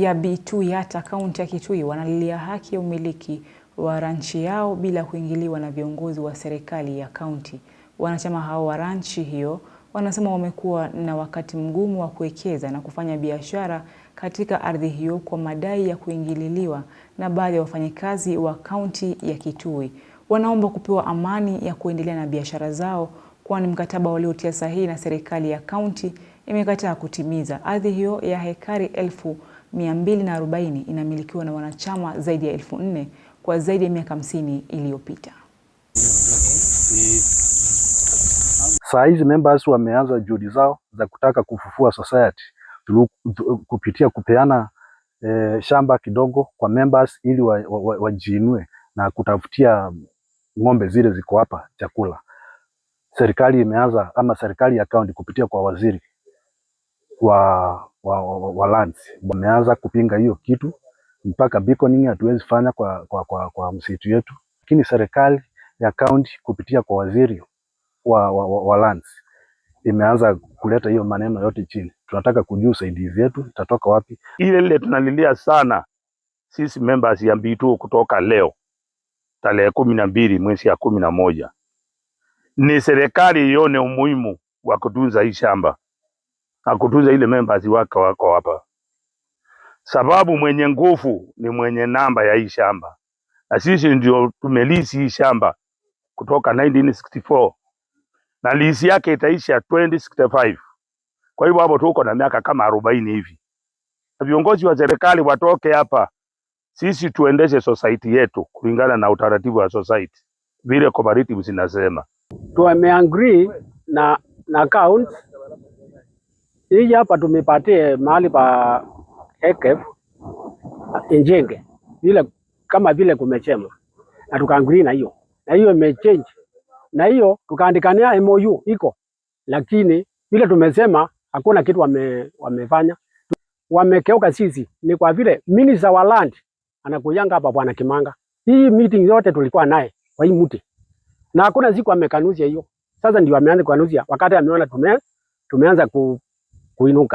ya Bitui hata kaunti ya Kitui wanalilia haki ya umiliki wa ranchi yao bila kuingiliwa na viongozi wa serikali ya kaunti. Wanachama hao wa ranchi hiyo wanasema wamekuwa na wakati mgumu wa kuwekeza na kufanya biashara katika ardhi hiyo kwa madai ya kuingililiwa na baadhi ya wafanyikazi wa kaunti ya Kitui. Wanaomba kupewa amani ya kuendelea na biashara zao kwani mkataba waliotia sahihi na serikali ya kaunti imekataa kutimiza. Ardhi hiyo ya hekari elfu 240 inamilikiwa na wanachama zaidi ya elfu nne kwa zaidi ya miaka 50 iliyopita. Saa hizi members wameanza juhudi zao za kutaka kufufua society kupitia kupeana eh, shamba kidogo kwa members ili wajiinue wa, wa na kutafutia ng'ombe zile ziko hapa chakula. Serikali imeanza ama serikali ya kaunti kupitia kwa waziri wa, wa, wa, wa lands wameanza kupinga hiyo kitu, mpaka beaconing hatuwezi fanya kwa, kwa, kwa, kwa msitu yetu, lakini serikali ya kaunti kupitia kwa waziri wa, wa, wa, wa lands imeanza kuleta hiyo maneno yote chini. Tunataka kujua usaidizi yetu itatoka wapi. Ile ile tunalilia sana sisi members ya Mbitu kutoka leo tarehe kumi na mbili mwezi ya kumi na moja ni serikali ione umuhimu wa kutunza hii shamba na kutunza ile members wake wako hapa, sababu mwenye nguvu ni mwenye namba ya hii shamba, na sisi ndio tumelisi hii shamba kutoka 1964 na lisi yake itaisha 2065. Kwa hivyo hapo tuko na miaka kama 40 hivi. na Viongozi wa serikali watoke hapa, sisi tuendeshe society yetu kulingana na utaratibu wa society vile cooperative zinasema. Tumeagree na na account hii hapa tumepatia mahali pa EKF injenge vile kama vile kumechema na tukaangulia na hiyo na hiyo imechange na hiyo tukaandikania MOU iko, lakini vile tumesema hakuna kitu wame, wamefanya wamekeuka sisi. Ni kwa vile minister wa land anakuyanga hapa bwana Kimanga, hii meeting yote tulikuwa naye kwa hii mti, na hakuna siku amekanusha hiyo. Sasa ndio ameanza kukanusha wakati ameona tume, tumeanza ku કોઈનું